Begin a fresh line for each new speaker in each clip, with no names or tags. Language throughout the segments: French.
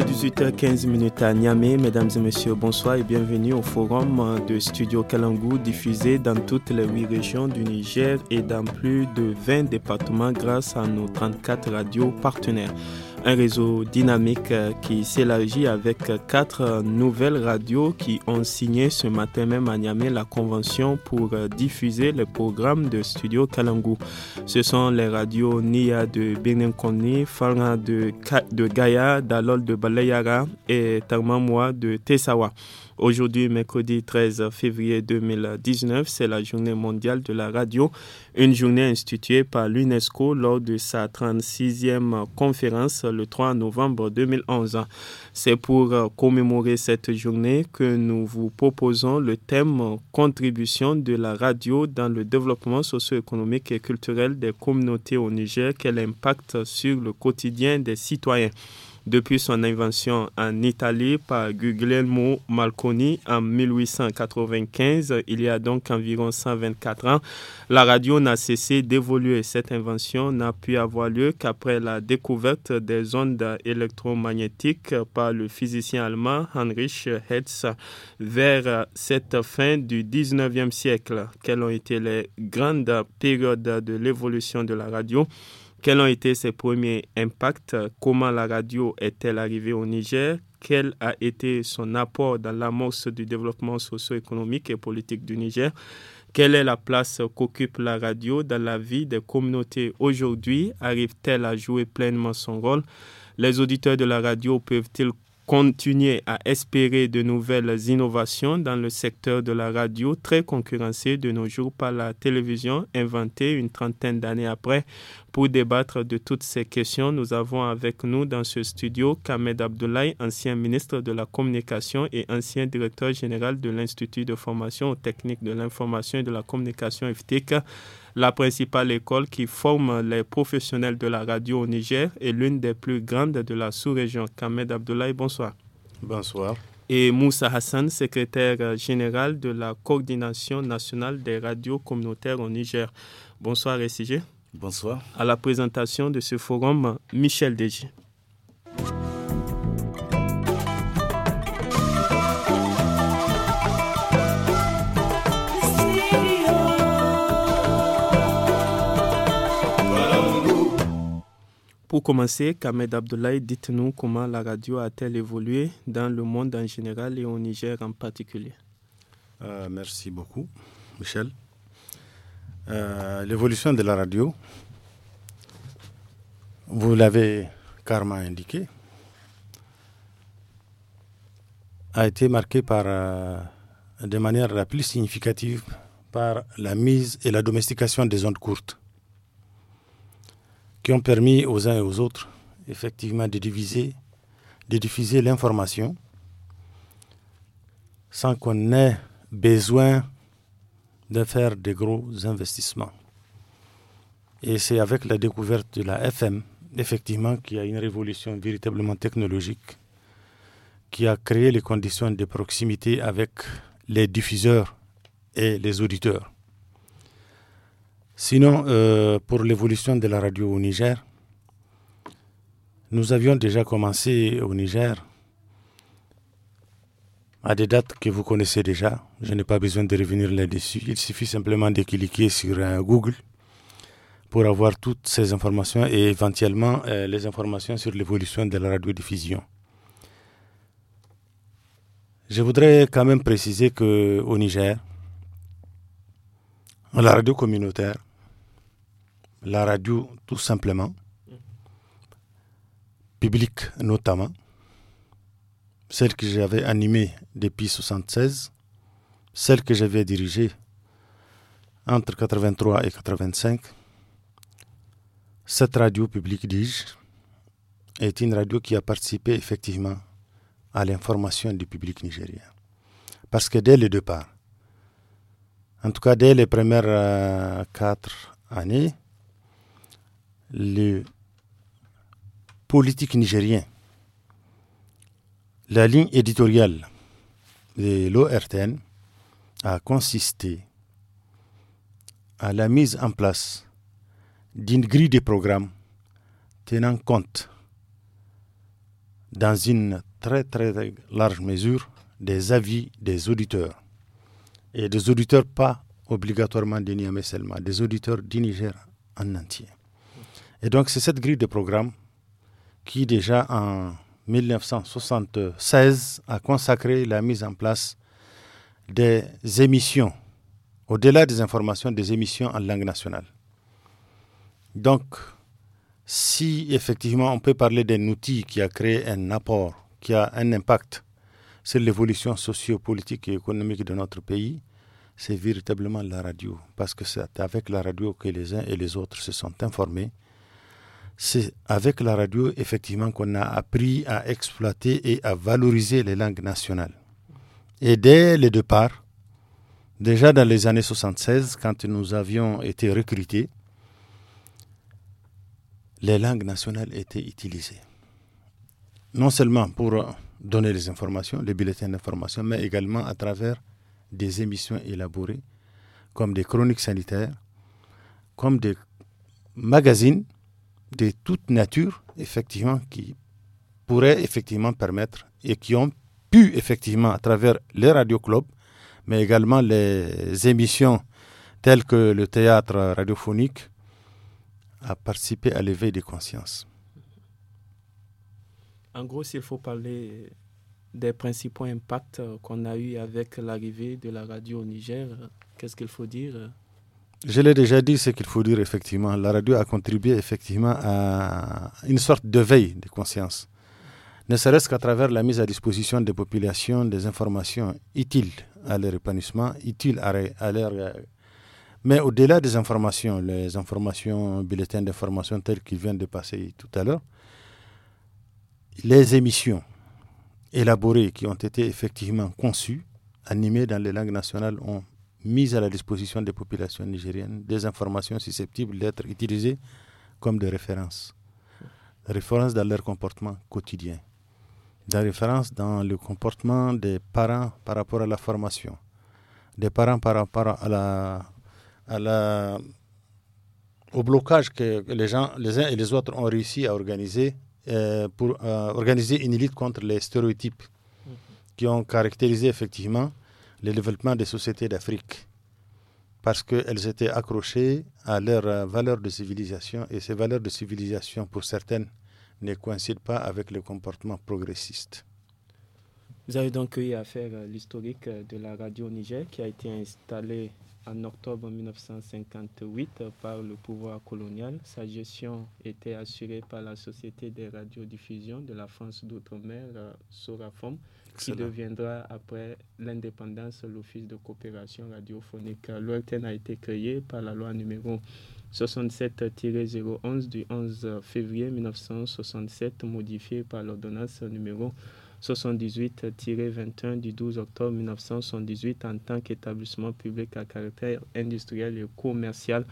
18h15 à Niamey. Mesdames et messieurs, bonsoir et bienvenue au forum euh, de Studio Kalangou diffusé dans toutes les 8 régions du Niger et dans plus de 20 départements grâce à nos 34 radios partenaires un réseau dynamique euh, qui s'élargit avec euh, quatre euh, nouvelles radios qui ont signé ce matin même à Niamey la convention pour diffuser le programme de Studio Kalangu. Ce sont les radios Nia de Benin Fanga de, de Gaïa, Dalol de Balayara et Tarmamwa de Tessawa. Aujourd'hui, mercredi 13 février 2019, c'est la journée mondiale de la radio, une journée instituée par l'UNESCO lors de sa 36e conférence le 3 novembre 2011. C'est pour euh, commémorer cette journée que nous vous proposons le thème Contribution de la radio dans le développement socio-économique et culturel des communautés au Niger, quel impact sur le quotidien des citoyens depuis son invention en Italie par Guglielmo Malconi en 1895, il y a donc environ 124 ans, la radio n'a cessé d'évoluer. Cette invention n'a pu avoir lieu qu'après la découverte des ondes électromagnétiques par le physicien allemand Heinrich Hertz vers cette fin du 19e siècle. Quelles ont été les grandes périodes de l'évolution de la radio? Quels ont été ses premiers impacts Comment la radio est-elle arrivée au Niger Quel a été son apport dans l'amorce du développement socio-économique et politique du Niger Quelle est la place qu'occupe la radio dans la vie des communautés aujourd'hui Arrive-t-elle à jouer pleinement son rôle Les auditeurs de la radio peuvent-ils continuer à espérer de nouvelles innovations dans le secteur de la radio, très concurrencé de nos jours par la télévision, inventée une trentaine d'années après. Pour débattre de toutes ces questions, nous avons avec nous dans ce studio Kamed Abdoulaye, ancien ministre de la Communication et ancien directeur général de l'Institut de formation aux techniques de l'information et de la communication EFTEC la principale école qui forme les professionnels de la radio au Niger est l'une des plus grandes de la sous-région. Kamed Abdoulaye, bonsoir. Bonsoir. Et Moussa Hassan, secrétaire général de la coordination nationale des radios communautaires au Niger. Bonsoir, SIG. Bonsoir. À la présentation de ce forum, Michel Deji. Pour commencer, Kamed Abdoulaye, dites-nous comment la radio a-t-elle évolué dans le monde en général et au Niger en particulier euh, Merci beaucoup, Michel.
Euh, l'évolution de la radio, vous l'avez carrément indiqué, a été marquée par, euh, de manière la plus significative par la mise et la domestication des ondes courtes qui ont permis aux uns et aux autres, effectivement, de diviser, de diffuser l'information sans qu'on ait besoin de faire de gros investissements. Et c'est avec la découverte de la FM, effectivement, qu'il y a une révolution véritablement technologique qui a créé les conditions de proximité avec les diffuseurs et les auditeurs. Sinon, euh, pour l'évolution de la radio au Niger, nous avions déjà commencé au Niger à des dates que vous connaissez déjà. Je n'ai pas besoin de revenir là-dessus. Il suffit simplement de cliquer sur euh, Google pour avoir toutes ces informations et éventuellement euh, les informations sur l'évolution de la radiodiffusion. Je voudrais quand même préciser qu'au Niger, la radio communautaire la radio tout simplement, publique notamment, celle que j'avais animée depuis 1976, celle que j'avais dirigée entre 1983 et 1985, Cette radio publique, dis-je, est une radio qui a participé effectivement à l'information du public nigérien. Parce que dès le départ, en tout cas dès les premières euh, quatre années, le politique nigérien, la ligne éditoriale de l'ORTN a consisté à la mise en place d'une grille de programmes tenant compte dans une très très large mesure des avis des auditeurs et des auditeurs pas obligatoirement de Niamey seulement, des auditeurs du Niger en entier. Et donc c'est cette grille de programme qui déjà en 1976 a consacré la mise en place des émissions, au-delà des informations, des émissions en langue nationale. Donc, si effectivement on peut parler d'un outil qui a créé un apport, qui a un impact sur l'évolution sociopolitique et économique de notre pays, c'est véritablement la radio, parce que c'est avec la radio que les uns et les autres se sont informés c'est avec la radio, effectivement, qu'on a appris à exploiter et à valoriser les langues nationales. Et dès le départ, déjà dans les années 76, quand nous avions été recrutés, les langues nationales étaient utilisées. Non seulement pour donner les informations, les bulletins d'information, mais également à travers des émissions élaborées, comme des chroniques sanitaires, comme des magazines de toute nature, effectivement, qui pourraient effectivement permettre et qui ont pu effectivement, à travers les radioclubs, mais également les émissions telles que le théâtre radiophonique, à participer à l'éveil des consciences.
En gros, s'il faut parler des principaux impacts euh, qu'on a eu avec l'arrivée de la radio au Niger, euh, qu'est-ce qu'il faut dire euh?
Je l'ai déjà dit, ce qu'il faut dire effectivement, la radio a contribué effectivement à une sorte de veille de conscience, ne serait-ce qu'à travers la mise à disposition des populations des informations utiles à leur épanouissement, utiles à, leur... Euh, mais au-delà des informations, les informations, bulletins d'information tels qu'ils viennent de passer tout à l'heure, les émissions élaborées qui ont été effectivement conçues, animées dans les langues nationales, ont mise à la disposition des populations nigériennes des informations susceptibles d'être utilisées comme des références. Références dans leur comportement quotidien, des références dans le comportement des parents par rapport à la formation, des parents par rapport à la, la, au blocage que les, gens, les uns et les autres ont réussi à organiser euh, pour euh, organiser une lutte contre les stéréotypes mm-hmm. qui ont caractérisé effectivement le développement des sociétés d'Afrique parce qu'elles étaient accrochées à leurs euh, valeurs de civilisation et ces valeurs de civilisation, pour certaines, ne coïncident pas avec le comportement progressiste.
Vous avez donc eu à faire l'historique de la radio Niger qui a été installée en octobre 1958 par le pouvoir colonial. Sa gestion était assurée par la Société des radiodiffusions de la France d'outre-mer, euh, Sorafom, qui deviendra après l'indépendance l'Office de coopération radiophonique. L'ORTEN a été créé par la loi numéro 67-011 du 11 février 1967, modifiée par l'ordonnance numéro 78-21 du 12 octobre 1978 en tant qu'établissement public à caractère industriel et commercial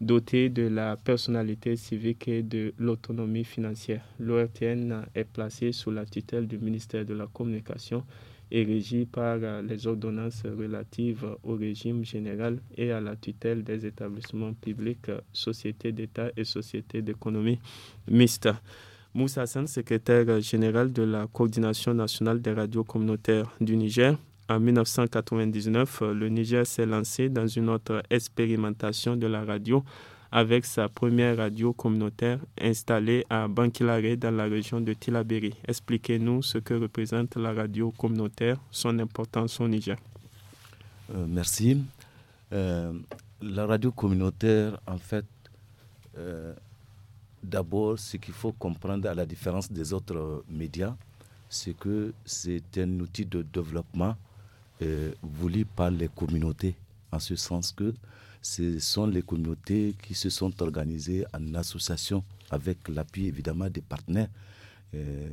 doté de la personnalité civique et de l'autonomie financière. L'ORTN est placé sous la tutelle du ministère de la Communication et régie par euh, les ordonnances relatives au régime général et à la tutelle des établissements publics, euh, sociétés d'État et sociétés d'économie mixtes. Moussa Hassan, secrétaire général de la Coordination nationale des radios communautaires du Niger. En 1999, euh, le Niger s'est lancé dans une autre expérimentation de la radio avec sa première radio communautaire installée à Bankilare dans la région de Tilaberi. Expliquez-nous ce que représente la radio communautaire, son importance au Niger.
Euh, merci. Euh, la radio communautaire, en fait, D'abord, ce qu'il faut comprendre à la différence des autres euh, médias, c'est que c'est un outil de développement euh, voulu par les communautés, en ce sens que ce sont les communautés qui se sont organisées en association avec l'appui évidemment des partenaires euh,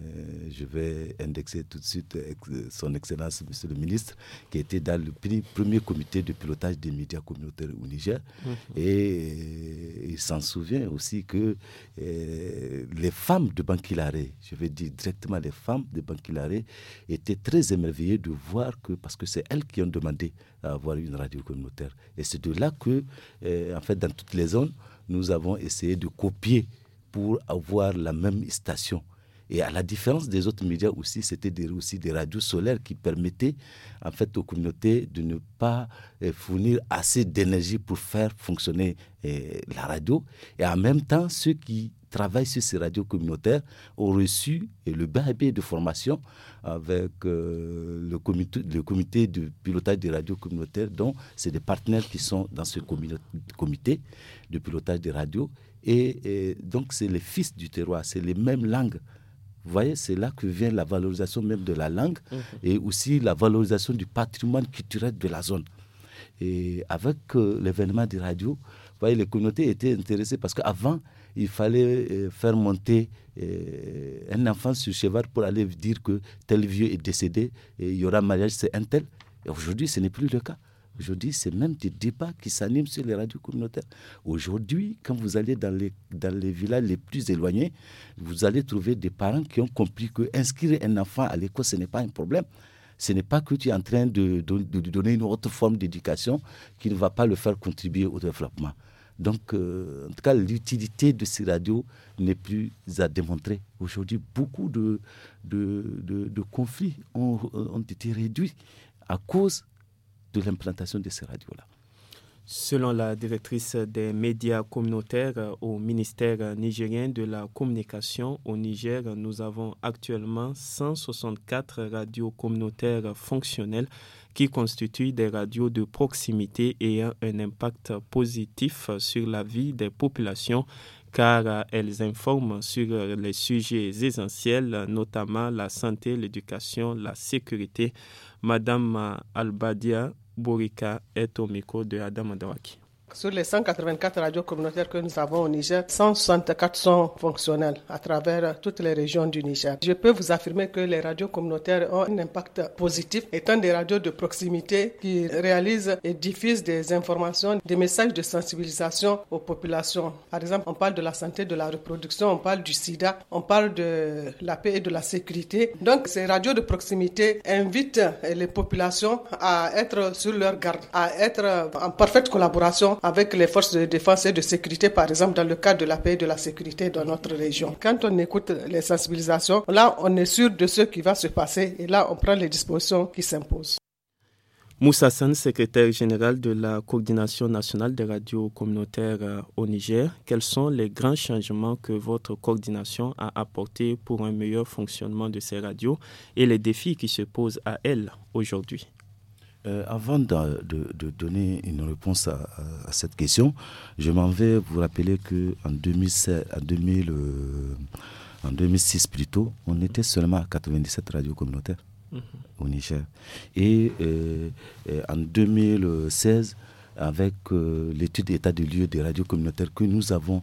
je vais indexer tout de suite euh, son Excellence, Monsieur le Ministre, qui était dans le premier comité de pilotage des médias communautaires au Niger. Mhm. Et euh, il s'en souvient aussi que les femmes de Banquilaré, je vais dire directement les femmes de Banquilaré, étaient très émerveillées de voir que, parce que c'est elles qui ont demandé à avoir une radio communautaire. Et c'est de là que, en fait, dans toutes les zones, nous avons essayé de copier pour avoir la même station. Et à la différence des autres médias aussi, c'était des, aussi des radios solaires qui permettaient en fait aux communautés de ne pas eh, fournir assez d'énergie pour faire fonctionner eh, la radio. Et en même temps, ceux qui travaillent sur ces radios communautaires ont reçu eh, le BAP de formation avec euh, le, comité, le comité de pilotage des radios communautaires, dont c'est des partenaires qui sont dans ce comité de pilotage des radios. et donc, c'est les fils du terroir, c'est les mêmes langues vous voyez, c'est là que vient la valorisation même de la langue mhm. et aussi la valorisation du patrimoine culturel de la zone. Et avec euh, l'événement des radios, vous voyez, les communautés étaient intéressées parce qu'avant, il fallait euh, faire monter euh, un enfant sur cheval pour aller dire que tel vieux est décédé et il y aura mariage, c'est un tel. Et aujourd'hui, ce n'est plus le cas. Aujourd'hui, c'est même des débats qui s'animent sur les radios communautaires. Aujourd'hui, quand vous allez dans les, dans les villages les plus éloignés, vous allez trouver des parents qui ont compris que inscrire un enfant à l'école, ce n'est pas un problème ce n'est pas que tu es en train de, de, lui donner une autre forme d'éducation qui ne va pas le faire contribuer au développement. Donc, euh, en tout cas, l'utilité de ces radios n'est plus à démontrer. Aujourd'hui, beaucoup de, de, conflits ont, ont été réduits à cause de l'implantation de ces radios-là.
Selon la directrice des médias communautaires euh, au ministère nigérien de la communication au Niger, nous avons actuellement 164 radios communautaires fonctionnelles qui constituent des radios de proximité ayant un impact positif sur la vie des populations car euh, elles informent sur euh, les sujets essentiels, notamment la santé, l'éducation, la sécurité. Madame euh, Albadia Borica est au micro de Adam Adawaki.
Sur les 184
radios communautaires que nous avons au Niger, 164 sont fonctionnelles à travers toutes les régions du Niger. Je peux vous affirmer que les radios communautaires ont un impact positif, étant des radios de proximité qui réalisent et diffusent des informations, des messages de sensibilisation aux populations. Par exemple, on parle de la santé, de la reproduction, on parle du sida, on parle de la paix et de la sécurité. Donc, ces radios de proximité invitent les populations à être sur leur garde, à être en parfaite collaboration avec les forces de défense et de sécurité, par exemple, dans le cadre de la paix et de la sécurité dans notre région. Quand on écoute les sensibilisations, là, on est sûr de ce qui va se passer et là, on prend les dispositions qui s'imposent.
Moussa San, secrétaire général de la coordination nationale des radios communautaires euh, au Niger, quels sont les grands changements que votre coordination a apportés pour un meilleur fonctionnement de ces radios et les défis qui se posent à elles aujourd'hui
euh, avant de, donner une réponse à, cette question, je m'en vais vous rappeler qu'en en 2000, en 2006 euh, plutôt, on était seulement à 97 radios communautaires mm-hmm. au Niger. Et, euh, en 2016, avec l'étude d'état de lieu des radios communautaires que nous avons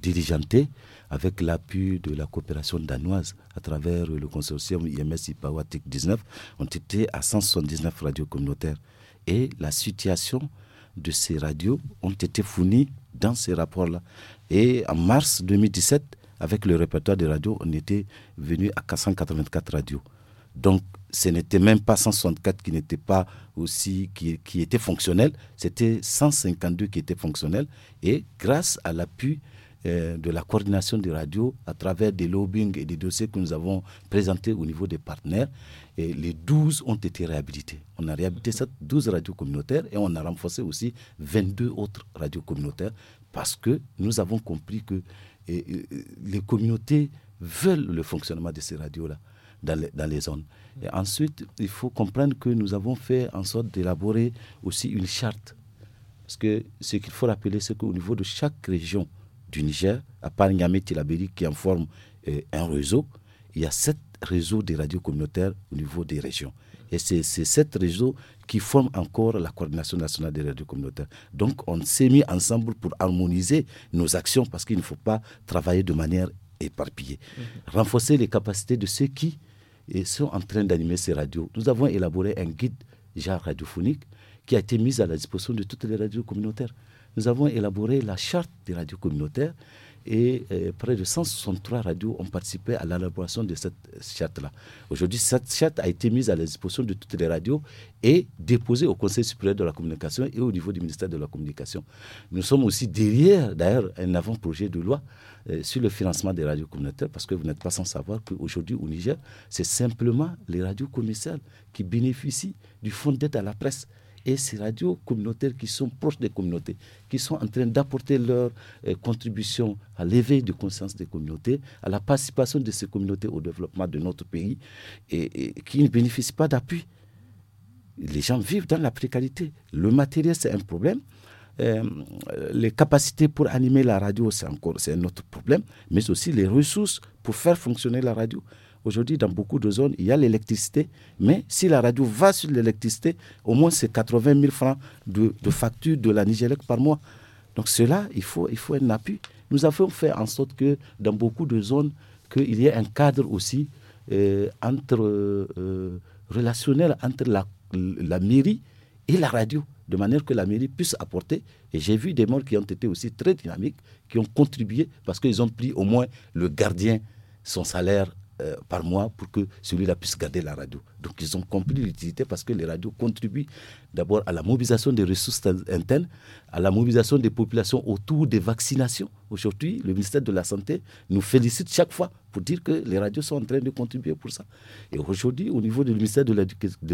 dirigentée, avec l'appui de la coopération danoise à travers le consortium IMS IPAWATIC 19, ont été à 179 radios communautaires. Et la situation de ces radios ont été fournies dans ces rapports-là. Et en mars 2017, avec le répertoire des radios, on était venu à 484 radios. Donc, ce n'était même pas 164 qui n'étaient pas aussi qui, qui étaient fonctionnels, c'était 152 qui étaient fonctionnels. Et grâce à l'appui euh, de la coordination des radios à travers des lobbying et des dossiers que nous avons présentés au niveau des partenaires. Et les 12 ont été réhabilités. On a réhabilité 12 mhm. radios communautaires et on a renforcé aussi 22 autres radios communautaires parce que nous avons compris que les communautés veulent le fonctionnement de ces radios-là dans les, dans les zones. Et ensuite, il faut comprendre que nous avons fait en sorte d'élaborer aussi une charte. Parce que ce qu'il faut rappeler, c'est qu'au niveau de chaque région, du Niger, à part ngamé qui en forme euh, un réseau, il y a sept réseaux de radios communautaires au niveau des régions. Et c'est sept réseaux qui forment encore la coordination nationale des radios communautaires. Donc on s'est mis ensemble pour harmoniser nos actions parce qu'il ne faut pas travailler de manière éparpillée. Mhm. Renforcer les capacités de ceux qui euh, sont en train d'animer ces radios. Nous avons élaboré un guide genre radiophonique qui a été mis à la disposition de toutes les radios communautaires nous avons élaboré la charte des radios communautaires et euh, près de 163 radios ont participé à l'élaboration de cette charte-là. Aujourd'hui, cette charte a été mise à la disposition de toutes les radios et déposée au Conseil supérieur de la communication et au niveau du ministère de la communication. Nous sommes aussi derrière, d'ailleurs, un avant-projet de loi euh, sur le financement des radios communautaires parce que vous n'êtes pas sans savoir qu'aujourd'hui, au Niger, c'est simplement les radios commerciales qui bénéficient du fonds d'aide à la presse et ces radios communautaires qui sont proches des communautés, qui sont en train d'apporter leur euh, contribution à l'éveil de conscience des communautés, à la participation de ces communautés au développement de notre pays, et, qui ne bénéficient pas d'appui. Les gens vivent dans la précarité. Le matériel, c'est un problème. Euh, les capacités pour animer la radio, c'est encore c'est un autre problème, mais aussi les ressources pour faire fonctionner la radio. Aujourd'hui, dans beaucoup de zones, il y a l'électricité, mais si la radio va sur l'électricité, au moins c'est 80 000 francs de, facture de la Nigélec par mois. Donc cela, il faut, il faut un appui. Nous avons fait en sorte que dans beaucoup de zones, qu'il y ait un cadre aussi euh, entre, euh, relationnel entre la, la mairie et la radio, de manière que la mairie puisse apporter. Et j'ai vu des morts qui ont été aussi très dynamiques, qui ont contribué parce qu'ils ont pris au moins le gardien, son salaire euh, par mois pour que celui-là puisse garder la radio. Donc ils ont compris l'utilité parce que les radios contribuent d'abord à la mobilisation des ressources internes, à la mobilisation des populations autour des vaccinations. Aujourd'hui, le ministère de la Santé nous félicite chaque fois pour dire que les radios sont en train de contribuer pour ça. Et aujourd'hui, au niveau du ministère de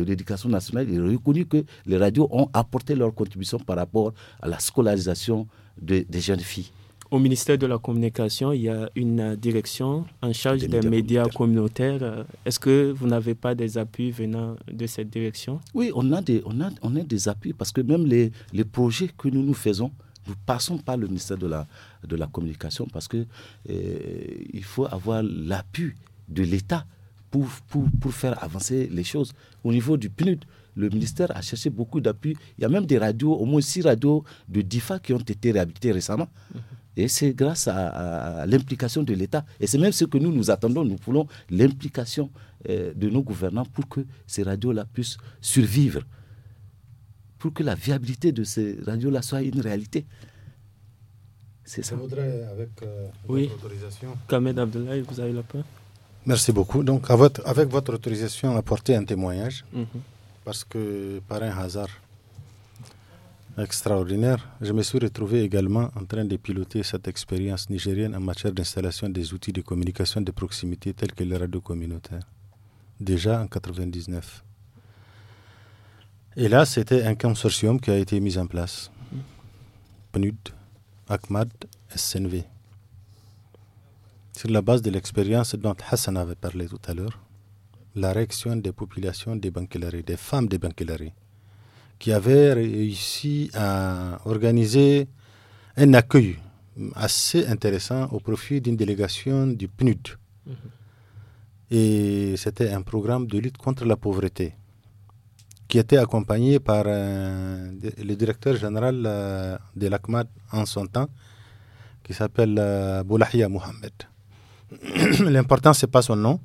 l'Éducation nationale, il est reconnu que les radios ont apporté leur contribution par rapport à la scolarisation des jeunes filles
au ministère de la Communication, il y a une direction en charge des, médias, communautaires. Est-ce que vous n'avez pas des appuis venant de cette direction Oui,
on a, des, on on a des appuis parce que même les, les projets que nous nous faisons, nous passons par le ministère de la, de la Communication parce qu'il euh, faut avoir l'appui de l'État pour, pour, pour, faire avancer les choses. Au niveau du PNUD, le ministère a cherché beaucoup d'appui. Il y a même des radios, au moins six radios de DIFA qui ont été réhabilitées récemment. Mhm. Et c'est grâce à, l'implication de l'État. Et c'est même ce que nous nous attendons. Nous voulons l'implication euh, de nos gouvernants pour que ces radios-là puissent survivre, pour que la viabilité de ces radios-là soit une réalité.
C'est ça. Je voudrais, avec euh, votre autorisation. Kamed
vous avez la parole.
Merci beaucoup. Donc, avec votre autorisation, apporter un témoignage, mhm. parce que par un hasard, Extraordinaire. Je me suis retrouvé également en train de piloter cette expérience nigérienne en matière d'installation des outils de communication de proximité tels que les radios communautaires, déjà en 1999. Et là, c'était un consortium qui a été mis en place. PNUD, ACMAD, SNV. Sur la base de l'expérience dont Hassan avait parlé tout à l'heure, la réaction des populations des banquilleries, des femmes des banquilleries qui avait réussi à organiser un accueil assez intéressant au profit d'une délégation du PNUD. Mhm. Et c'était un programme de lutte contre la pauvreté qui était accompagné par euh, le directeur général euh, de l'ACMAD en son temps, qui s'appelle euh, Boulahia Mohamed. L'important, ce n'est pas son nom,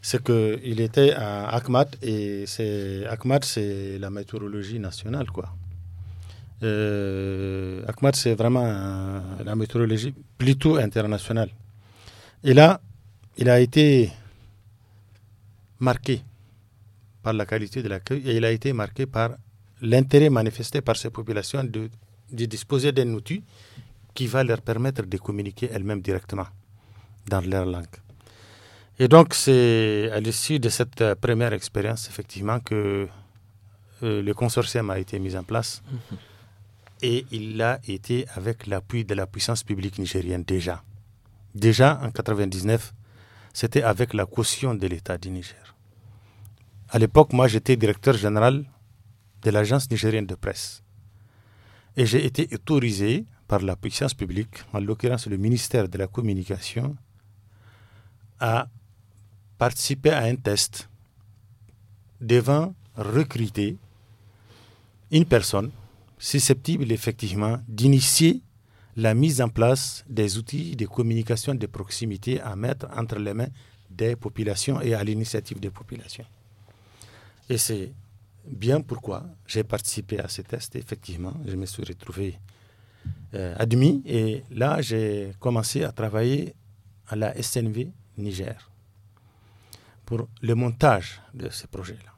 c'est qu'il était à Akmat et c'est, ACMAT, c'est la météorologie nationale. Quoi. Euh, c'est vraiment la météorologie plutôt internationale. Et là, il a été marqué par la qualité de l'accueil et il a été marqué par l'intérêt manifesté par ces populations de disposer d'un outil qui va leur permettre de communiquer elles-mêmes directement dans leur langue. Et donc, c'est à l'issue de cette euh, première expérience, effectivement, que euh, le consortium a été mis en place. Mm-hmm. Et il a été avec l'appui de la puissance publique nigérienne déjà. Déjà en 1999, c'était avec la caution de l'État du Niger. À l'époque, moi, j'étais directeur général de l'Agence nigérienne de presse. Et j'ai été autorisé par la puissance publique, en l'occurrence le ministère de la Communication, à participer à un test devant recruter une personne susceptible effectivement d'initier la mise en place des outils de communication de proximité à mettre entre les mains des populations et à l'initiative des populations. Et c'est bien pourquoi j'ai participé à ce test. Effectivement, je me suis retrouvé euh, admis et là, j'ai commencé à travailler à la SNV Niger pour le montage de ces projets-là.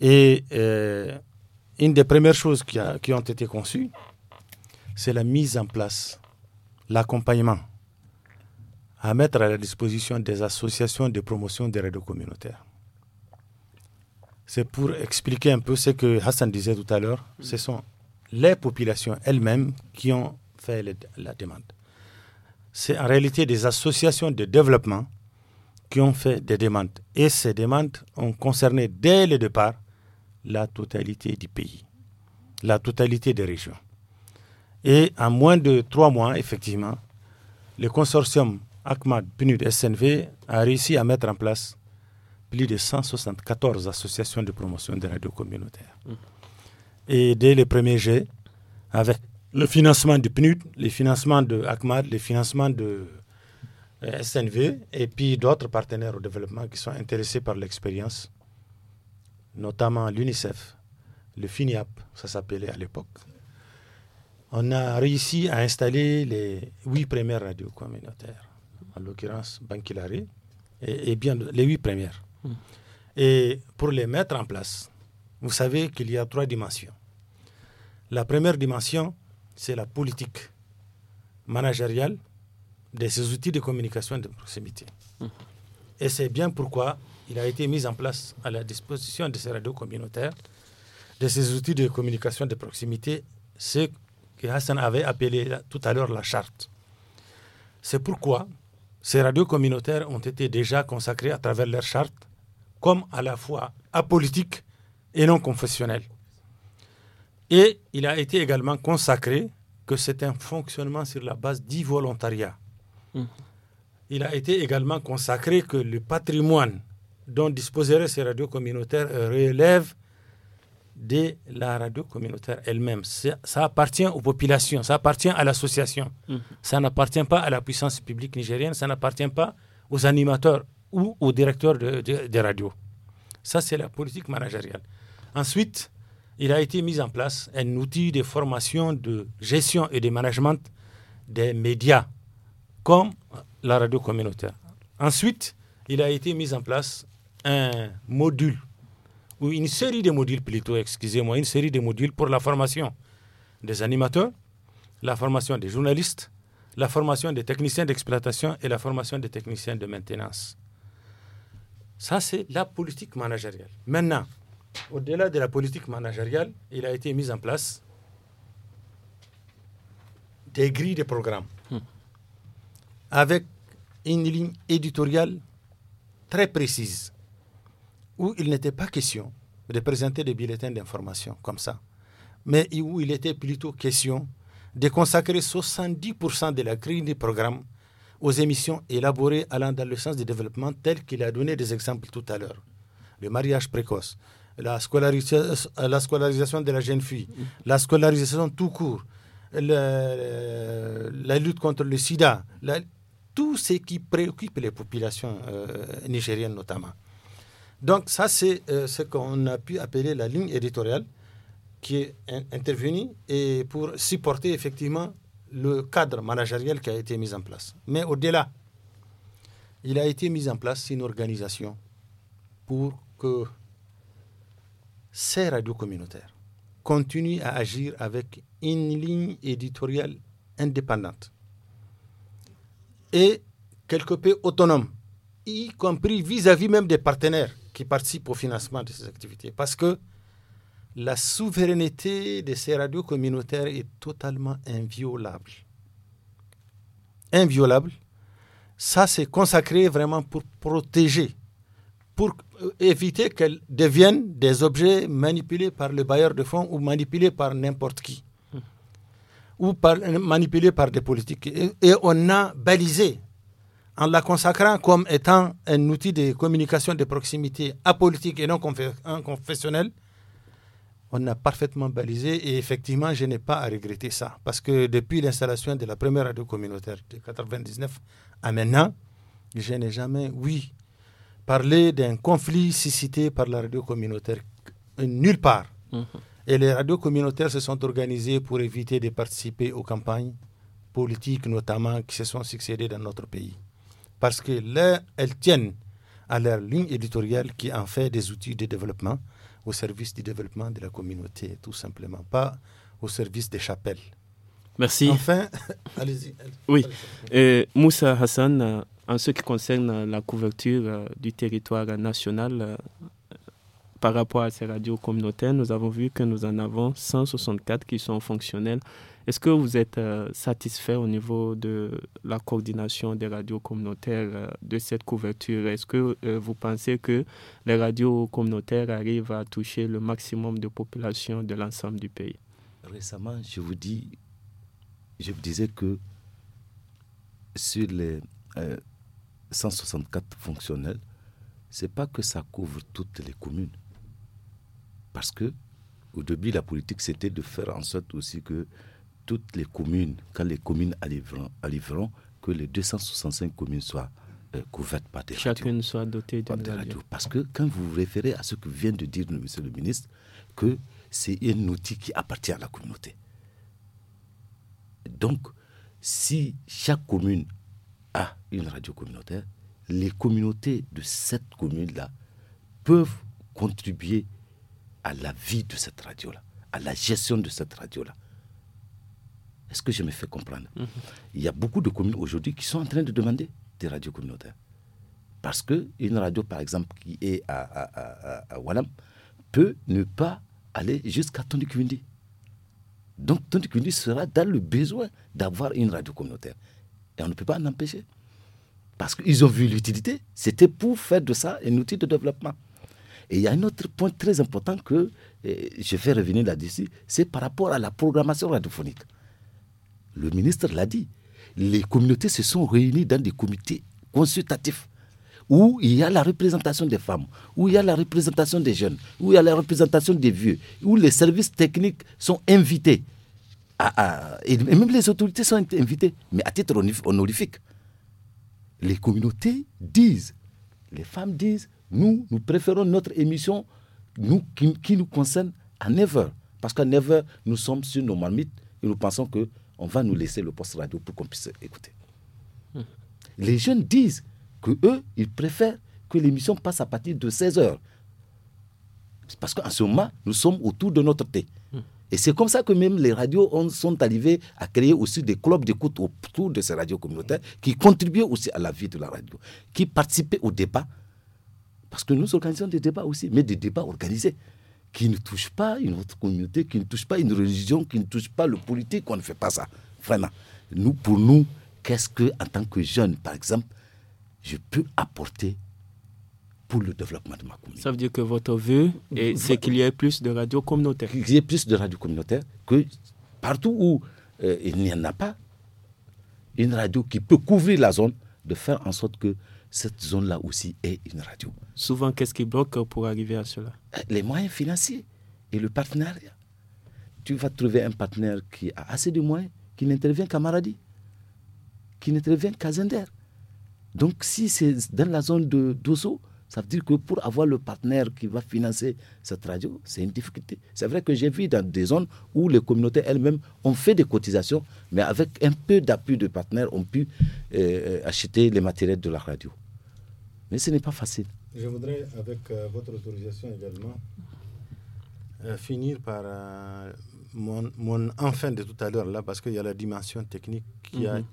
Et euh, une des premières choses qui, ont été conçues, c'est la mise en place, l'accompagnement à mettre à la disposition des associations de promotion des réseaux communautaires. C'est pour expliquer un peu ce que Hassan disait tout à l'heure. Mm. Ce sont les populations elles-mêmes qui ont fait la demande. C'est en réalité des associations de développement qui ont fait des demandes. Et ces demandes ont concerné dès le départ la totalité du pays, la totalité des régions. Et en moins de trois mois, effectivement, le consortium ACMAD PNUD SNV a réussi à mettre en place plus de 174 associations de promotion des radios communautaires. Mm. Et dès le premier jet, avec le financement du PNUD, le financement de ACMAD, le financement de euh, SNV et puis d'autres partenaires au développement qui sont intéressés par l'expérience, notamment l'UNICEF, le FINIAP, ça s'appelait à l'époque. On a réussi à installer les huit premières radios communautaires, en l'occurrence Banquilari, et, et, bien les huit premières. Hmm. Et pour les mettre en place, vous savez qu'il y a trois dimensions. La première dimension, c'est la politique managériale, de ces outils de communication de proximité. Mhm. Et c'est bien pourquoi il a été mis en place à la disposition de ces radios communautaires, de ces outils de communication de proximité, ce que Hassan avait appelé tout à l'heure la charte. C'est pourquoi ces radios communautaires ont été déjà consacrées à travers leur charte comme à la fois apolitique et non confessionnelle. Et il a été également consacré que c'est un fonctionnement sur la base du volontariat. Il a été également consacré que le patrimoine dont disposeraient ces radios communautaires euh, relève de la radio communautaire elle-même. Ça, appartient aux populations, ça appartient à l'association. Mm-hmm. Ça n'appartient pas à la puissance publique nigérienne, ça n'appartient pas aux animateurs ou aux directeurs des radios. Ça, c'est la politique managériale. Ensuite, il a été mis en place un outil de formation de gestion et de management des médias comme la radio communautaire. Ensuite, il a été mis en place un module, ou une série de modules plutôt, excusez-moi, une série de modules pour la formation des animateurs, la formation des journalistes, la formation des techniciens d'exploitation et la formation des techniciens de maintenance. Ça, c'est la politique managériale. Maintenant, au-delà de la politique managériale, il a été mis en place des grilles de programmes avec une ligne éditoriale très précise, où il n'était pas question de présenter des bulletins d'information comme ça, mais où il était plutôt question de consacrer 70% de la grille du programme aux émissions élaborées allant dans le sens du développement tel qu'il a donné des exemples tout à l'heure. Le mariage précoce, la scolarisation, la scolarisation de la jeune fille, la scolarisation tout court, la lutte contre le sida, la, tout ce qui préoccupe les populations euh, nigériennes notamment. Donc ça, c'est euh, ce qu'on a pu appeler la ligne éditoriale qui est intervenue et pour supporter effectivement le cadre managériel qui a été mis en place. Mais au-delà, il a été mis en place une organisation pour que ces radios communautaires continuent à agir avec une ligne éditoriale indépendante et quelque peu autonome, y compris vis-à-vis même des partenaires qui participent au financement de ces activités. Parce que la souveraineté de ces radios communautaires est totalement inviolable. Inviolable. Ça, c'est consacré vraiment pour protéger, pour éviter qu'elles deviennent des objets manipulés par le bailleur de fonds ou manipulés par n'importe qui ou par, manipulée par des politiques. Et, on a balisé, en la consacrant comme étant un outil de communication de proximité apolitique et non hein, confessionnel, on a parfaitement balisé et effectivement, je n'ai pas à regretter ça. Parce que depuis l'installation de la première radio communautaire de 1999 à maintenant, je n'ai jamais, oui, parlé d'un conflit suscité par la radio communautaire euh, nulle part. Mm-hmm. Et les radios communautaires se sont organisées pour éviter de participer aux campagnes politiques, notamment, qui se sont succédées dans notre pays. Parce que là, elles tiennent à leur ligne éditoriale qui en fait des outils de développement au service du développement de la communauté, tout simplement, pas au service des chapelles.
Merci. Enfin, allez-y. oui. Moussa Hassan, en ce qui concerne la couverture euh, du territoire national, euh, par rapport à ces radios communautaires, nous avons vu que nous en avons 164 qui sont fonctionnelles. Est-ce que vous êtes euh, satisfait au niveau de la coordination des radios communautaires euh, de cette couverture Est-ce que euh, vous pensez que les radios communautaires arrivent à toucher le maximum de population de l'ensemble du pays
Récemment, je vous dis, je vous disais que sur les 164 fonctionnels, n'est pas que ça couvre toutes les communes. Parce que au début, la politique, c'était de faire en sorte aussi que toutes les communes, quand les communes arriveront, que les 265 communes soient euh, couvertes par des Chacune radios, soit dotée de radio. Parce que quand vous vous référez à ce que vient de dire monsieur le ministre, que c'est un outil qui appartient à la communauté. Donc, si chaque commune a une radio communautaire, les communautés de cette commune-là peuvent contribuer à la vie de cette radio-là, à la gestion de cette radio-là. Est-ce que je me fais comprendre mhm. Il y a beaucoup de communes aujourd'hui qui sont en train de demander des radios communautaires. Parce qu'une radio, par exemple, qui est à, à, Wallam, peut ne pas aller jusqu'à Tondikwindi. Donc Tondikwindi sera dans le besoin d'avoir une radio communautaire. Et on ne peut pas en empêcher. Parce qu'ils ont vu l'utilité. C'était pour faire de ça un outil de développement. Et il y a un autre point très important que eh, je fais revenir là-dessus, c'est par rapport à la programmation radiophonique. Le ministre l'a dit, les communautés se sont réunies dans des comités consultatifs où il y a la représentation des femmes, où il y a la représentation des jeunes, où il y a la représentation des vieux, où les services techniques sont invités. et même les autorités sont invitées, mais à titre honorifique. Les communautés disent, les femmes disent, nous, nous préférons notre émission nous, qui, nous concerne à 9h. Parce qu'à 9h, nous sommes sur nos marmites et nous pensons qu'on va nous laisser le poste radio pour qu'on puisse écouter. Hmm. Les jeunes disent que eux, ils préfèrent que l'émission passe à partir de 16h. Parce qu'en ce moment, nous sommes autour de notre thé. Hmm. Et c'est comme ça que même les radios ont, sont arrivées à créer aussi des clubs d'écoute autour de ces radios communautaires qui contribuaient aussi à la vie de la radio, qui participaient au débat, parce que nous organisons des débats aussi, mais des débats organisés qui ne touchent pas une autre communauté, qui ne touchent pas une religion, qui ne touchent pas le politique. On ne fait pas ça, vraiment. Nous, pour nous, qu'est-ce que, en tant que jeune, par exemple, je peux apporter pour le développement de
ma communauté Ça veut dire que votre vœu, c'est qu'il y ait plus de radios communautaires. Qu'il y ait plus de radios communautaires, que partout où euh,
il n'y en a pas, une radio qui peut couvrir la zone, de faire en sorte que cette zone-là aussi est une radio.
Souvent, qu'est-ce qui bloque pour arriver à cela
euh, Les moyens financiers et le partenariat. Tu vas trouver un partenaire qui a assez de moyens, qui n'intervient qu'à Maradi, qui n'intervient qu'à Zender. Donc, si c'est dans la zone de d'Osso, ça veut dire que pour avoir le partenaire qui va financer cette radio, c'est une difficulté. C'est vrai que j'ai vu dans des zones où les communautés elles-mêmes ont fait des cotisations, mais avec un peu d'appui de partenaires, ont pu euh, euh, acheter les matériels de la radio. Mais ce n'est pas facile.
Je voudrais, avec euh, votre autorisation également, euh, finir par euh, mon, enfin de tout à l'heure, là, parce qu'il y a la dimension technique qui a mhm.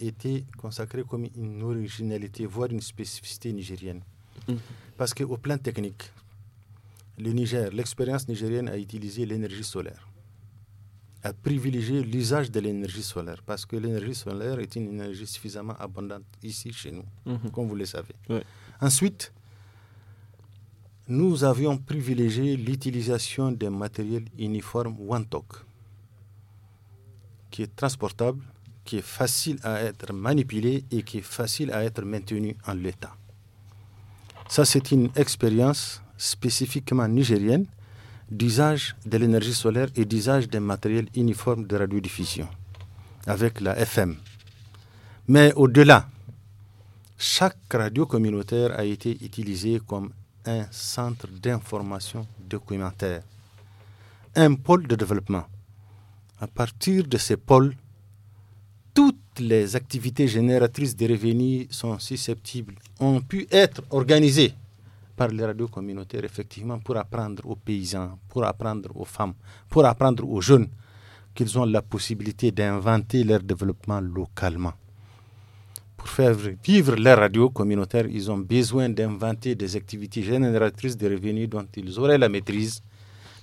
été consacrée comme une originalité, voire une spécificité nigérienne. Mhm. Parce qu'au plan technique, le Niger, l'expérience nigérienne a utilisé l'énergie solaire privilégier l'usage de l'énergie solaire parce que l'énergie solaire est une énergie suffisamment abondante ici chez nous, mhm. comme vous le savez. Ensuite, nous avions privilégié l'utilisation des matériels uniformes OneTalk, qui est transportable, qui est facile à être manipulé et qui est facile à être maintenu en l'état. Ça, c'est une expérience spécifiquement nigérienne d'usage de l'énergie solaire et d'usage des matériels uniformes de radiodiffusion avec la FM. Mais au-delà, chaque radio communautaire a été utilisée comme un centre d'information documentaire, un pôle de développement. À partir de ces pôles, toutes les activités génératrices de revenus sont susceptibles, ont pu être organisées par les radios communautaires, effectivement, pour apprendre aux paysans, pour apprendre aux femmes, pour apprendre aux jeunes qu'ils ont la possibilité d'inventer leur développement localement. Pour faire vivre les radios communautaires, ils ont besoin d'inventer des activités génératrices de revenus dont ils auraient la maîtrise,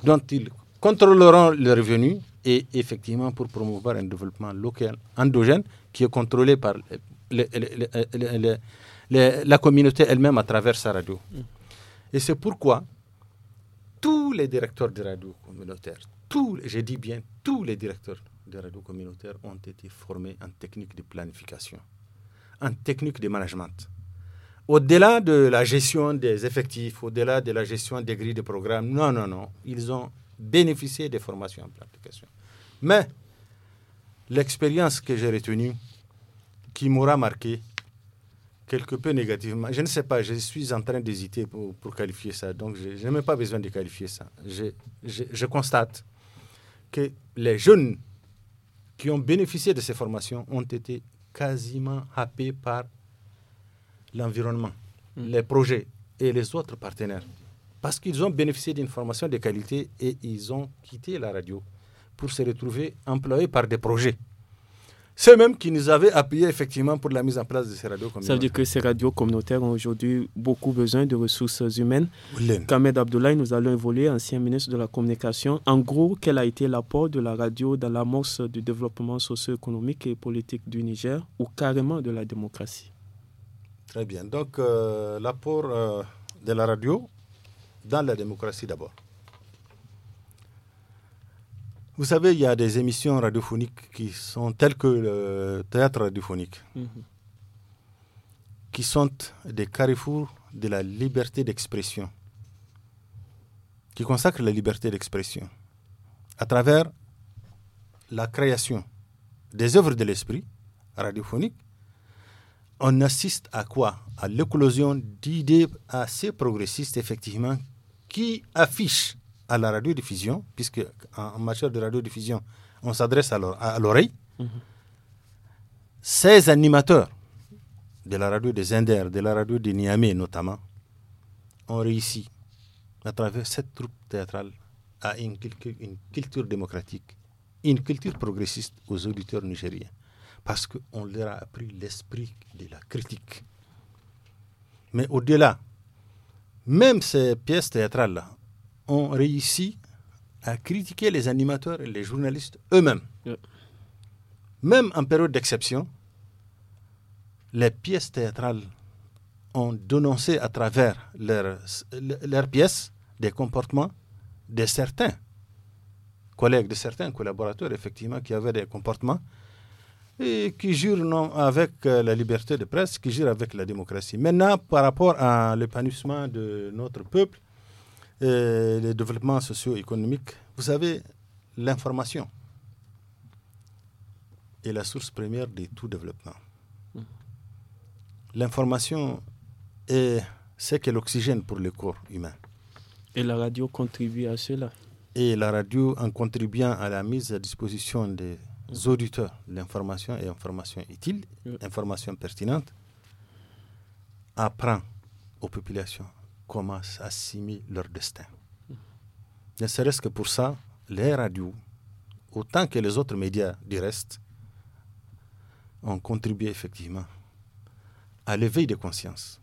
dont ils contrôleront les revenus et effectivement pour promouvoir un développement local endogène qui est contrôlé par la communauté elle-même à travers sa radio. Mm. Et c'est pourquoi tous les directeurs de radio communautaires, tous, je dis bien tous les directeurs de radio communautaires ont été formés en technique de planification, en technique de management. Au-delà de la gestion des effectifs, au-delà de la gestion des grilles de programme, non, non, non, ils ont bénéficié des formations en planification. Mais l'expérience que j'ai retenue, qui m'aura marqué, quelque peu négativement. Je ne sais pas, je suis en train d'hésiter pour, qualifier ça. Donc, je, n'ai même pas besoin de qualifier ça. Je, constate que les jeunes qui ont bénéficié de ces formations ont été quasiment happés par l'environnement, hmm. les projets et les autres partenaires. Parce qu'ils ont bénéficié d'une formation de qualité et ils ont quitté la radio pour se retrouver employés par des projets ceux même qui nous avaient appuyés effectivement pour la mise en place de ces radios communautaires. Ça veut
dire que ces radios communautaires ont aujourd'hui beaucoup besoin de ressources humaines. Kamel Kamed Abdoulaye, nous allons évoluer, ancien ministre de la Communication. En gros, quel a été l'apport de la radio dans l'amorce du développement socio-économique et politique du Niger ou carrément de la démocratie
Très bien. Donc, euh, l'apport euh, de la radio dans la démocratie d'abord. Vous savez, il y a des émissions radiophoniques qui sont telles que le théâtre radiophonique, mhm. qui sont des carrefours de la liberté d'expression, qui consacrent la liberté d'expression à travers la création des œuvres de l'esprit radiophonique. On assiste à quoi À l'éclosion d'idées assez progressistes, effectivement, qui affichent à la diffusion puisque en, matière de radio-diffusion, on s'adresse à l'oreille. Mm-hmm. Ces animateurs de la radio de Zender, de la radio de Niamey notamment, ont réussi, à travers cette troupe théâtrale, à une culture démocratique, une culture progressiste aux auditeurs nigériens, parce qu'on leur a appris l'esprit de la critique. Mais au-delà, même ces pièces théâtrales-là ont réussi à critiquer les animateurs et les journalistes eux-mêmes. Même en période d'exception, les pièces théâtrales ont dénoncé à travers leurs, pièces des comportements de certains collègues, de certains collaborateurs, effectivement, qui avaient des comportements et qui jurent avec euh, la liberté de presse, qui jurent avec la démocratie. Maintenant, par rapport à l'épanouissement de notre peuple, les le développement socio-économique, vous savez, l'information est la source première de tout développement. L'information est ce que l'oxygène pour le corps humain.
Et la radio contribue à cela.
Et la radio, en contribuant à la mise à disposition des auditeurs l'information et information utile, mmh. information pertinente, apprend aux populations commencent à leur destin. Ne serait-ce que pour ça, les radios, autant que les autres médias du reste, ont contribué effectivement à l'éveil des consciences,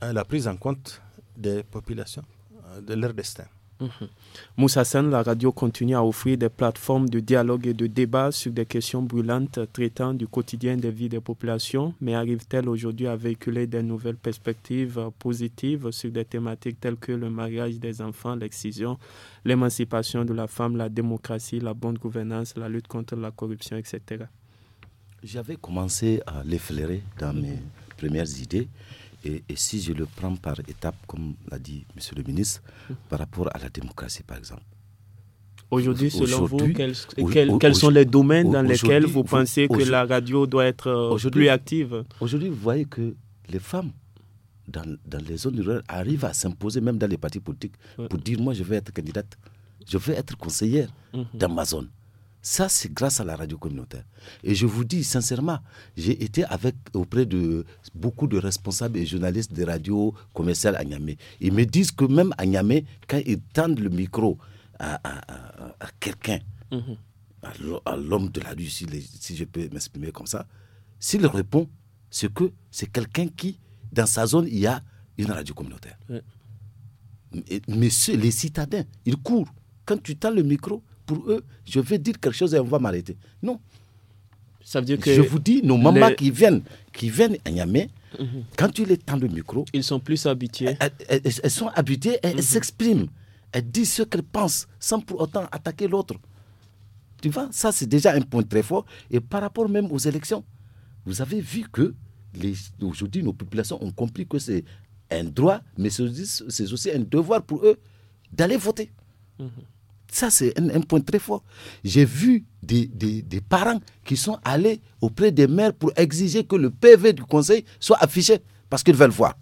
à la prise en compte
des populations, de leur destin.
Mhm. la radio continue à offrir des plateformes de dialogue et de débat sur des questions brûlantes traitant du quotidien des vies des populations, mais arrive-t-elle aujourd'hui à véhiculer des nouvelles perspectives positives sur des thématiques telles que le mariage des enfants, l'excision, l'émancipation de la femme, la démocratie, la bonne gouvernance, la lutte contre la corruption, etc.
J'avais commencé à l'effleurer dans mes mhm. premières idées. Et, si je le prends par étapes, comme l'a dit Monsieur le ministre, hmm. par rapport à la démocratie,
par exemple. Aujourd'hui, selon vous, quels, sont les domaines dans lesquels vous pensez que la radio doit être euh, plus active
Aujourd'hui, vous voyez que les femmes dans, les zones rurales arrivent à s'imposer, même dans les partis politiques, pour dire moi, je veux être candidate, je veux être conseillère mm-hmm. dans ma zone. Ça, c'est grâce à la radio communautaire. Et je vous dis sincèrement, j'ai été avec, auprès de beaucoup de responsables et journalistes des radios commerciales à Ils me disent que même à quand ils tendent le micro à, quelqu'un, mm-hmm. à l'homme de la rue, si, je peux m'exprimer comme ça, s'il répond, c'est que c'est quelqu'un qui, dans sa zone, il y a une radio communautaire. Mais, mais les citadins, ils courent. Quand tu tends le micro, pour eux, je vais dire quelque chose et on va m'arrêter. Non.
Ça veut dire que. Je vous dis, nos mamans qui
viennent, qui viennent à Niamey, mhm. quand tu les tends le micro. Ils sont plus habitués. Elles, sont habituées, elles mhm. s'expriment. Elles disent ce qu'elles pensent sans pour autant attaquer l'autre. Tu vois, ça c'est déjà un point très fort. Et par rapport même aux élections, vous avez vu que aujourd'hui nos populations ont compris que c'est un droit, mais c'est aussi un devoir pour eux d'aller voter. Mhm. Ça, c'est un, point très fort. J'ai vu des, parents qui sont allés auprès des maires pour exiger que le PV du conseil soit affiché parce qu'ils veulent
voir.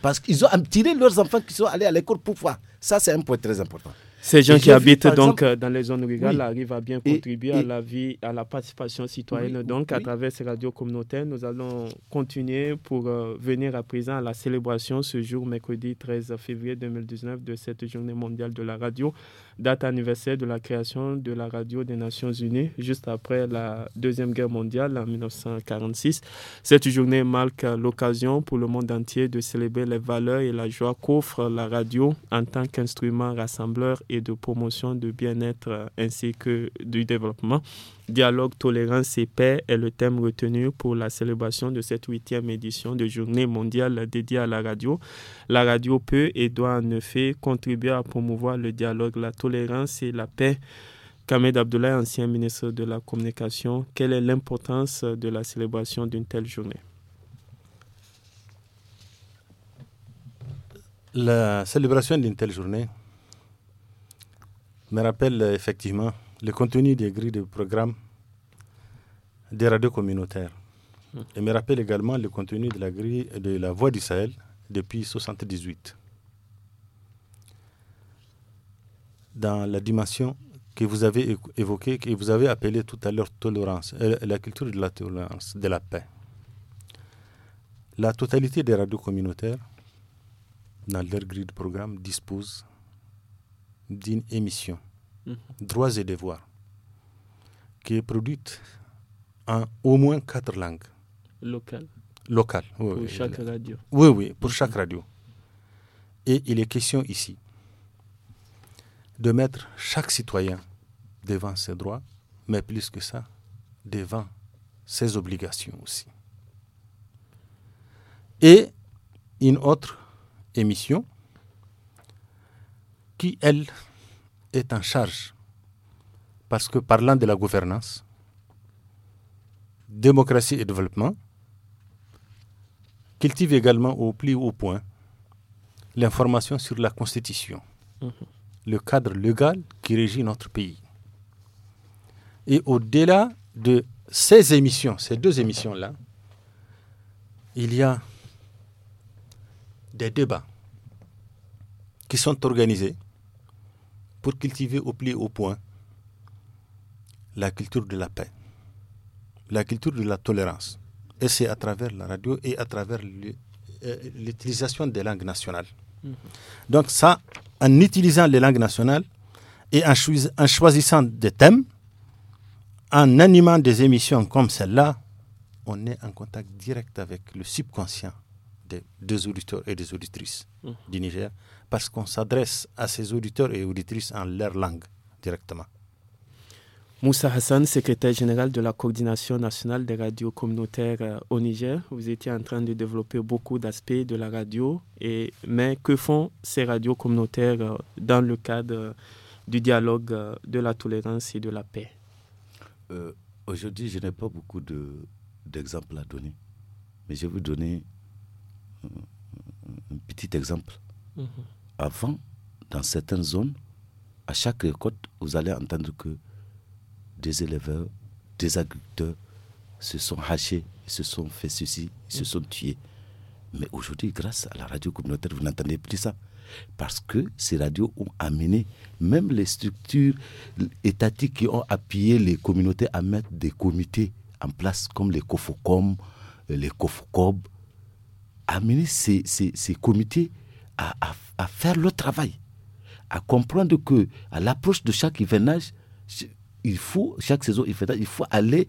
Parce qu'ils ont tiré leurs enfants qui sont allés à l'école pour voir. Ça, c'est un point très important. Ces gens qui habitent donc euh, dans les zones rurales arrivent à bien contribuer à la vie, à la participation citoyenne. donc, à travers ces radios communautaires, nous allons continuer pour euh, venir à présent à la célébration ce jour, mercredi 13 février 2019, de cette journée mondiale de la radio date anniversaire de la création de la radio des Nations Unies, juste après la Deuxième Guerre mondiale en 1946. Cette journée marque l'occasion pour le monde entier de célébrer les valeurs et la joie qu'offre la radio en tant qu'instrument rassembleur et de promotion du bien-être ainsi que du développement. Dialogue, tolérance et paix est le thème retenu pour la célébration de cette huitième édition de Journée mondiale dédiée à la radio. La radio peut et doit en effet contribuer à promouvoir le dialogue, la tolérance et la paix. Kamed Abdoulaye, ancien ministre de la Communication, quelle est l'importance de la célébration d'une telle journée
La célébration d'une telle journée me rappelle effectivement le contenu des grilles de programme des radios communautaires. Hmm. Et me rappelle également le contenu de la grille de la Voix du depuis 1978. Dans la dimension que vous avez évoquée, que vous avez appelée tout à l'heure tolérance, euh, la culture de la tolérance, de la paix. La totalité des radios communautaires, dans leur grille de programme, dispose d'une émission Mhm. Droits et devoirs, qui est produite en au moins quatre langues. Locales. Locales, oui. Pour chaque radio. Oui, oui, pour chaque mhm. radio. Et il est question ici de mettre chaque citoyen devant ses droits, mais plus que ça, devant ses obligations aussi. Et une autre émission qui, elle, est en charge. Parce que parlant de la gouvernance, démocratie et développement, cultive également au plus haut point l'information sur la Constitution, mhm. le cadre légal qui régit notre pays. Et au-delà de ces émissions, ces deux émissions-là, il y a des débats qui sont organisés pour cultiver au plus haut point la culture de la paix, la culture de la tolérance. Et c'est à travers la radio et à travers euh, l'utilisation des langues nationales. Mm-hmm. Donc ça, en utilisant les langues nationales et en, choisissant des thèmes, en animant des émissions comme celle-là, on est en contact direct avec le subconscient des, auditeurs et des auditrices mm-hmm. du Niger parce qu'on s'adresse à ses auditeurs et auditrices en leur langue directement.
Moussa Hassan, secrétaire général de la coordination nationale des radios communautaires euh, au Niger, vous étiez en train de développer beaucoup d'aspects de la radio, et, mais que font ces radios communautaires euh, dans le cadre euh, du dialogue de la tolérance et de la paix Aujourd'hui, je n'ai
pas beaucoup d'exemples à donner, mais je vais vous donner un, petit exemple. Mhm. Avant, dans certaines zones, à chaque récolte, vous allez entendre que des éleveurs, des agriculteurs se sont hachés, se sont fait ceci, se mm. sont tués. Mais aujourd'hui, grâce à la radio communautaire, vous n'entendez plus ça. Parce que ces radios ont amené même les structures étatiques qui ont appuyé les communautés à mettre des comités en place comme les COFOCOM, euh, les COFOCOB, amener ces, ces comités à, faire le travail, à comprendre que à l'approche de chaque hivernage, il faut, chaque saison hivernage, il faut aller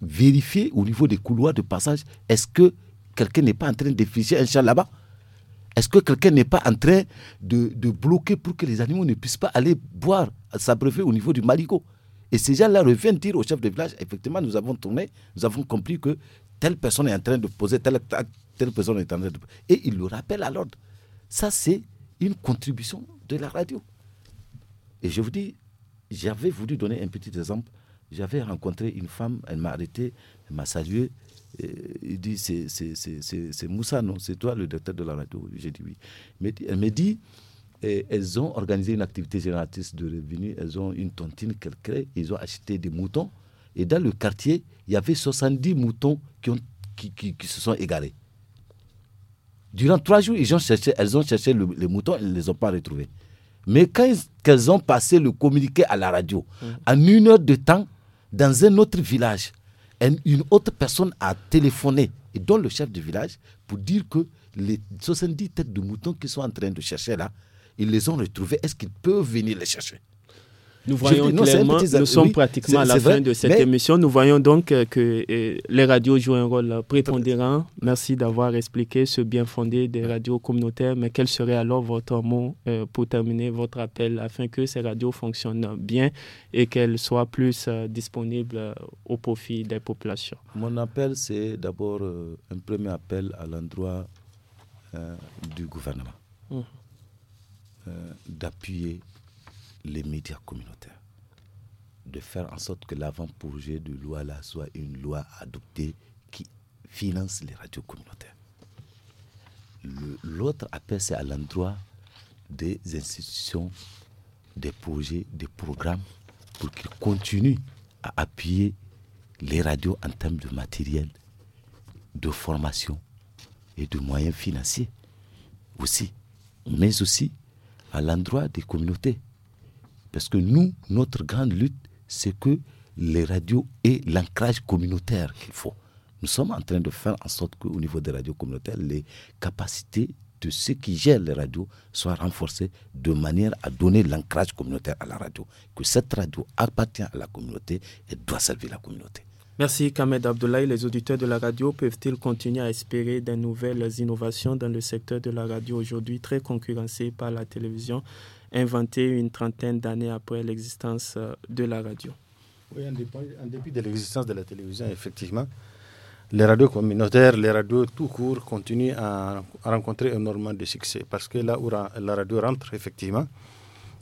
vérifier au niveau des couloirs de passage, est-ce que quelqu'un n'est pas en train de un chat là-bas Est-ce que quelqu'un n'est pas en train de, bloquer pour que les animaux ne puissent pas aller boire, s'abreuver au niveau du marigot Et ces gens-là reviennent dire au chef de village, effectivement, nous avons tourné, nous avons compris que telle personne est en train de poser telle personne est en train de... Et il le rappelle à l'ordre. Ça, c'est une contribution de la radio. Et je vous dis, j'avais voulu donner un petit exemple. J'avais rencontré une femme, elle m'a arrêté, elle m'a salué. Il dit, c'est Moussa, non C'est toi le directeur de la radio J'ai dit oui. Mais elle me dit, eh, elles ont organisé une activité génératrice de revenus, elles ont une tontine qu'elles créent, ils ont acheté des moutons. Et dans le quartier, il y avait 70 moutons qui, ont, qui, qui se sont égarés. Durant trois jours, ils ont cherché, elles ont cherché le, les moutons, elles ne les ont pas retrouvés. Mais quand elles ont passé le communiqué à la radio, mm. en une heure de temps, dans un autre village, une autre personne a téléphoné, et dont le chef du village, pour dire que les 70 têtes de moutons qu'ils sont en train de chercher là, ils les ont retrouvées. Est-ce qu'ils peuvent venir les chercher
nous voyons clairement, nous sommes pratiquement à la fin de cette émission. Nous voyons donc euh, que euh, les radios jouent un rôle prépondérant. Merci d'avoir expliqué ce bien fondé des radios communautaires. Mais quel serait alors votre mot euh, pour terminer votre appel afin que ces radios fonctionnent bien et qu'elles soient plus disponibles au profit des populations Mon appel, c'est d'abord un premier appel à l'endroit du gouvernement mhm.
d'appuyer les médias communautaires, de faire en sorte que l'avant-projet de loi là soit une loi adoptée qui finance les radios communautaires. L'autre appel, c'est à l'endroit des institutions, des projets, des programmes, pour qu'ils continuent à appuyer les radios en termes de matériel, de formation et de moyens financiers aussi, mais aussi à l'endroit des communautés parce que nous, notre grande lutte, c'est que les radios aient l'ancrage communautaire qu'il faut. Nous sommes en train de faire en sorte qu'au niveau des radios communautaires, les capacités de ceux qui gèrent les radios soient renforcées de manière à donner l'ancrage communautaire à la radio. Que cette radio appartient à la communauté et doit servir la communauté.
Merci Kamed Abdoulaye. Les auditeurs de la radio peuvent-ils continuer à espérer des nouvelles innovations dans le secteur de la radio aujourd'hui très concurrencé par la télévision inventé une trentaine d'années après l'existence euh, de la radio. Oui, en dépit, de l'existence de la télévision, effectivement,
les radios communautaires, les radios tout court continuent à, rencontrer énormément de succès parce que là où la radio rentre, effectivement,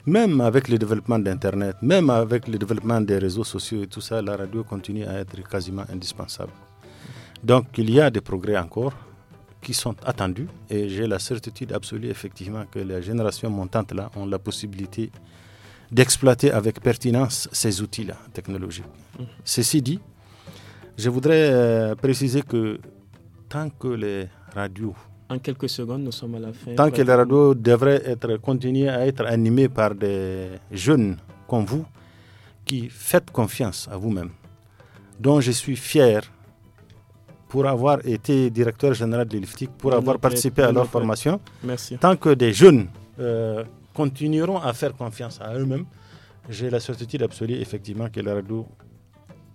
même avec le développement d'Internet, même avec le développement des réseaux sociaux et tout ça, la radio continue à être quasiment indispensable. Donc il y a des progrès encore, qui sont attendus et j'ai la certitude absolue effectivement que les générations montantes là ont la possibilité d'exploiter avec pertinence ces outils là technologiques. Mhm. Ceci dit, je voudrais euh, préciser que tant que les radios
en quelques secondes, nous sommes à la fin. Tant que les radios
devraient être, continuer à être animées par des jeunes comme vous, qui faites confiance à vous-même, dont je suis fier pour avoir été directeur général de l'IFTIC, pour avoir participé à leur formation. Merci. Tant que des jeunes euh, continueront à faire confiance à eux-mêmes, j'ai la certitude absolue effectivement que la radio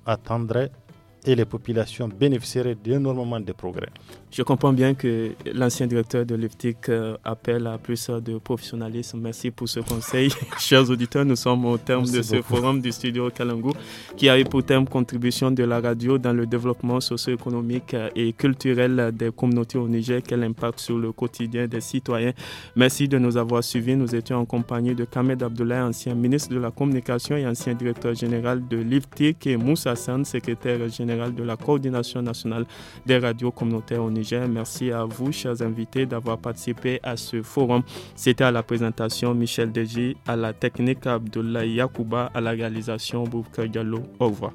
attendrait et les
populations bénéficieraient d'énormément de progrès. Je comprends bien que l'ancien directeur de l'EFTIC euh, appelle à plus de professionnalisme. Merci pour ce conseil. Chers auditeurs, nous sommes au terme de ce forum du studio Kalangou qui a eu pour thème contribution de la radio dans le développement socio-économique euh, et culturel des communautés au Niger, quel impact sur le quotidien des citoyens. Merci de nous avoir suivis. Nous étions en compagnie de Kamed Abdoulaye, ancien ministre de la Communication et ancien directeur général de l'IFTIC, et Moussa Sane, secrétaire général de la Coordination nationale des radios communautaires au Niger. Merci à vous, chers invités, d'avoir participé à ce forum. C'était à la présentation Michel Deji, à la technique Abdoulaye Yakuba à la réalisation Boubka Diallo. Au revoir.